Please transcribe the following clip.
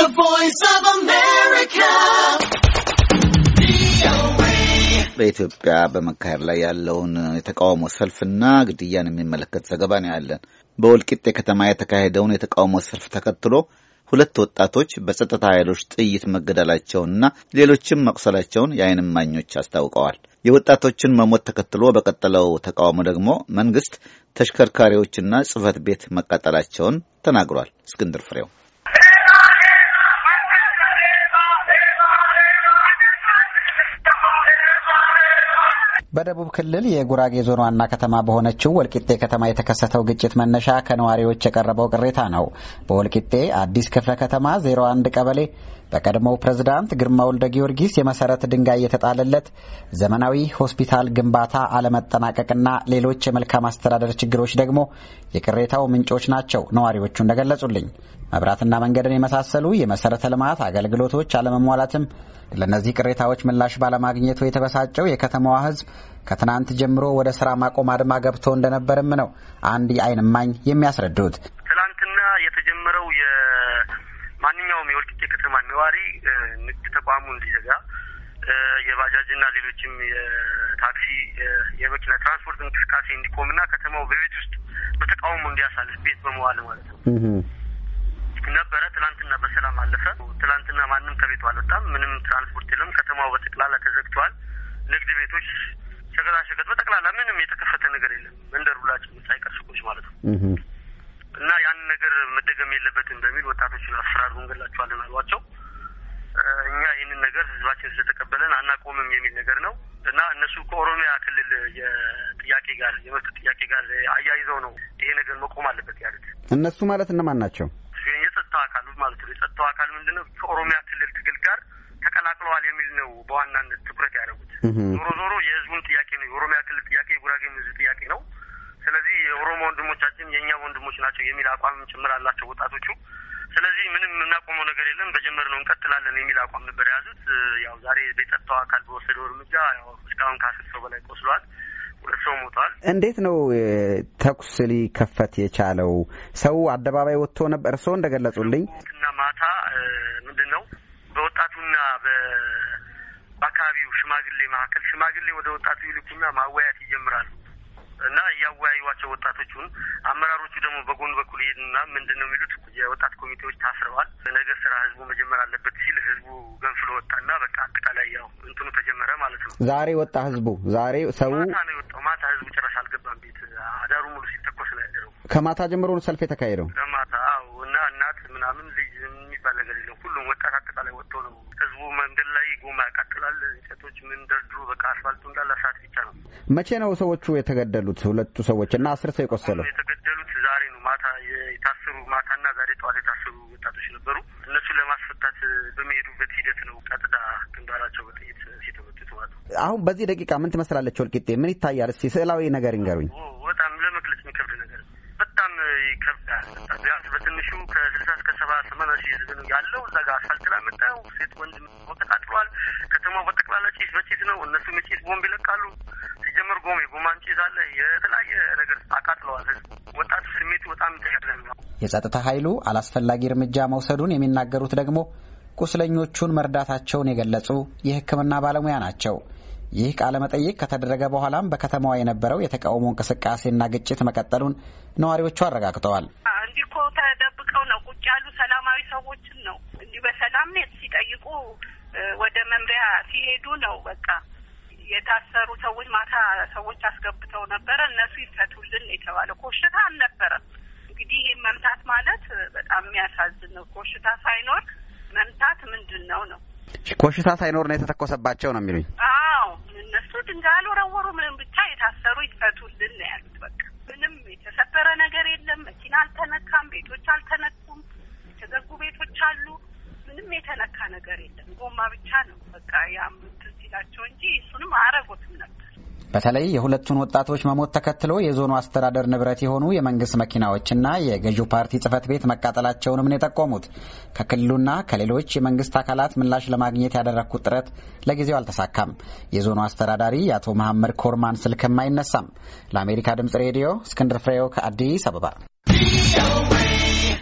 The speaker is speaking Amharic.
The Voice of America. በኢትዮጵያ በመካሄድ ላይ ያለውን የተቃውሞ ሰልፍና ግድያን የሚመለከት ዘገባ ነው ያለን። በወልቂጤ ከተማ የተካሄደውን የተቃውሞ ሰልፍ ተከትሎ ሁለት ወጣቶች በጸጥታ ኃይሎች ጥይት መገደላቸውንና ሌሎችም መቁሰላቸውን የዓይን እማኞች አስታውቀዋል። የወጣቶችን መሞት ተከትሎ በቀጠለው ተቃውሞ ደግሞ መንግስት ተሽከርካሪዎችና ጽህፈት ቤት መቃጠላቸውን ተናግሯል። እስክንድር ፍሬው በደቡብ ክልል የጉራጌ ዞን ዋና ከተማ በሆነችው ወልቂጤ ከተማ የተከሰተው ግጭት መነሻ ከነዋሪዎች የቀረበው ቅሬታ ነው። በወልቂጤ አዲስ ክፍለ ከተማ 01 ቀበሌ በቀድሞው ፕሬዝዳንት ግርማ ወልደ ጊዮርጊስ የመሰረት ድንጋይ የተጣለለት ዘመናዊ ሆስፒታል ግንባታ አለመጠናቀቅና ሌሎች የመልካም አስተዳደር ችግሮች ደግሞ የቅሬታው ምንጮች ናቸው ነዋሪዎቹ እንደገለጹልኝ። መብራትና መንገድን የመሳሰሉ የመሰረተ ልማት አገልግሎቶች አለመሟላትም ለእነዚህ ቅሬታዎች ምላሽ ባለማግኘቱ የተበሳጨው የከተማዋ ሕዝብ ከትናንት ጀምሮ ወደ ስራ ማቆም አድማ ገብቶ እንደነበርም ነው አንድ የአይን እማኝ የሚያስረዱት። የትኛውም የወልቂጤ ከተማ ነዋሪ ንግድ ተቋሙን ሲዘጋ የባጃጅና ሌሎችም የታክሲ የመኪና ትራንስፖርት እንቅስቃሴ እንዲቆምና ከተማው በቤት ውስጥ በተቃውሞ እንዲያሳልፍ ቤት በመዋል ማለት ነው ነበረ። ትናንትና በሰላም አለፈ። ትናንትና ማንም ከቤቱ አልወጣም። ምንም ትራንስፖርት የለም። ከተማው በጠቅላላ ተዘግተዋል። ንግድ ቤቶች፣ ሸቀጣሸቀጥ በጠቅላላ ምንም የተከፈተ ነገር የለም። መንደር ሁላችን ሳይቀር ሱቆች ማለት ነው እና ያን ነገር መደገም የለበትም በሚል ወጣቶችን አስፈራሩ እንገላቸዋለን አሏቸው። እኛ ይህንን ነገር ህዝባችን ስለተቀበለን አናቆምም የሚል ነገር ነው እና እነሱ ከኦሮሚያ ክልል የጥያቄ ጋር የመብት ጥያቄ ጋር አያይዘው ነው ይሄ ነገር መቆም አለበት ያሉት። እነሱ ማለት እነማን ናቸው? የጸጥታው አካል ማለት ነው። የጸጥታው አካል ምንድን ነው? ከኦሮሚያ ክልል ትግል ጋር ተቀላቅለዋል የሚል ነው በዋናነት ትኩረት ያደረጉት። ዞሮ ዞሮ የህዝቡን ጥያቄ ነው። የኦሮሚያ ክልል ጥያቄ የጉራጌም ህዝብ ጥያቄ ነው። ስለዚህ የኦሮሞ ወንድሞቻችን የእኛ ወንድሞች ናቸው የሚል አቋም ጭምር አላቸው ወጣቶቹ። ስለዚህ ምንም የምናቆመው ነገር የለም፣ ነው እንቀጥላለን የሚል አቋም ነበር የያዙት። ያው ዛሬ በጸጥታው አካል በወሰደው እርምጃ ያው እስካሁን ከአስር ሰው በላይ ቆስሏል፣ ሁለት ሰው ሞቷል። እንዴት ነው ተኩስ ሊከፈት የቻለው? ሰው አደባባይ ወጥቶ ነበር? እርስዎ እንደገለጹልኝ እና ማታ ምንድን ነው በወጣቱና በአካባቢው ሽማግሌ መካከል ሽማግሌ ወደ ወጣቱ ይልኩና ማወያየት ይጀምራሉ ወጣቶቹን አመራሮቹ ደግሞ በጎን በኩል ይሄድና ምንድን ነው የሚሉት የወጣት ኮሚቴዎች ታስረዋል፣ ነገ ስራ ህዝቡ መጀመር አለበት ሲል ህዝቡ ገንፍሎ ወጣና በቃ አጠቃላይ ያው እንትኑ ተጀመረ ማለት ነው። ዛሬ ወጣ ህዝቡ ዛሬ ሰው ማታ ነው የወጣው። ማታ ህዝቡ ጭራሽ አልገባም ቤት አዳሩ ሙሉ ሲተኮስ ነው ያደረው። ከማታ ጀምሮ ነው ሰልፍ የተካሄደው። ከማታ አዎ። እና እናት ምናምን ልጅ የሚባል ነገር የለው ሁሉም ወጣት አጠቃላይ ወጥቶ ነው ህዝቡ መንገድ ላይ ጎማ ያቃጥላል፣ እንጨቶች ምን ደርድሮ በቃ አስፋልቱ እንዳለ እሳት ብቻ ነው መቼ ነው ሰዎቹ የተገደሉት? ሁለቱ ሰዎች እና አስር ሰው የቆሰለው የተገደሉት ዛሬ ነው ማታ የታሰሩ ማታና ዛሬ ጠዋት የታሰሩ ወጣቶች ነበሩ። እነሱን ለማስፈታት በሚሄዱበት ሂደት ነው ቀጥታ ግንባራቸው በጥይት የተመቱት ማለት ነው። አሁን በዚህ ደቂቃ ምን ትመስላለች ወልቂጤ? ምን ይታያል? እስቲ ስዕላዊ ነገር ይንገሩኝ። በጣም ለመግለጽ የሚከብድ ነገር በጣም ይከብዳል። ቢያንስ በትንሹ ከስልሳ እስከ ሰባ ሰማንያ ሺህ ህዝብ ነው ያለው እዛ ጋር አስፋልት ላይ መጣው ሴት ወንድ ተቃጥሏል። ከተማው በጠቅላላ ጭስ በጭስ ነው። እነሱም የጭስ ቦምብ ይለቃሉ። ጎሚ ጉማንጭ ሳለ የተለያየ ነገር አቃጥለዋል። ወጣት ስሜቱ በጣም ይጠያለ ነው። የጸጥታ ኃይሉ አላስፈላጊ እርምጃ መውሰዱን የሚናገሩት ደግሞ ቁስለኞቹን መርዳታቸውን የገለጹ የሕክምና ባለሙያ ናቸው። ይህ ቃለ መጠይቅ ከተደረገ በኋላም በከተማዋ የነበረው የተቃውሞ እንቅስቃሴና ግጭት መቀጠሉን ነዋሪዎቹ አረጋግጠዋል። እንዲህ እኮ ተደብቀው ነው ቁጭ ያሉ ሰላማዊ ሰዎችን ነው እንዲህ በሰላም ሲጠይቁ ወደ መምሪያ ሲሄዱ ነው በቃ የታሰሩ ሰዎች ማታ ሰዎች አስገብተው ነበረ። እነሱ ይፈቱልን የተባለ ኮሽታ አልነበረም። እንግዲህ ይህ መምታት ማለት በጣም የሚያሳዝን ነው። ኮሽታ ሳይኖር መምታት ምንድን ነው ነው? ኮሽታ ሳይኖር ነው የተተኮሰባቸው ነው የሚሉኝ። አዎ እነሱ ድንጋይ አልወረወሩ ምንም፣ ብቻ የታሰሩ ይፈቱልን ነው ያሉት። በቃ ምንም የተሰበረ ነገር የለም። መኪና አልተነካም። ቤቶች አልተነኩም። የተዘጉ ቤቶች አሉ። ምንም የተነካ ነገር የለም። ጎማ ብቻ ነው በቃ ያምት የሚላቸው እንጂ እሱንም አረጎትም ነበር። በተለይ የሁለቱን ወጣቶች መሞት ተከትሎ የዞኑ አስተዳደር ንብረት የሆኑ የመንግስት መኪናዎችና የገዢው ፓርቲ ጽህፈት ቤት መቃጠላቸውንም ነው የጠቆሙት። ከክልሉና ከሌሎች የመንግስት አካላት ምላሽ ለማግኘት ያደረግኩት ጥረት ለጊዜው አልተሳካም። የዞኑ አስተዳዳሪ የአቶ መሐመድ ኮርማን ስልክም አይነሳም። ለአሜሪካ ድምጽ ሬዲዮ እስክንድር ፍሬው ከአዲስ አበባ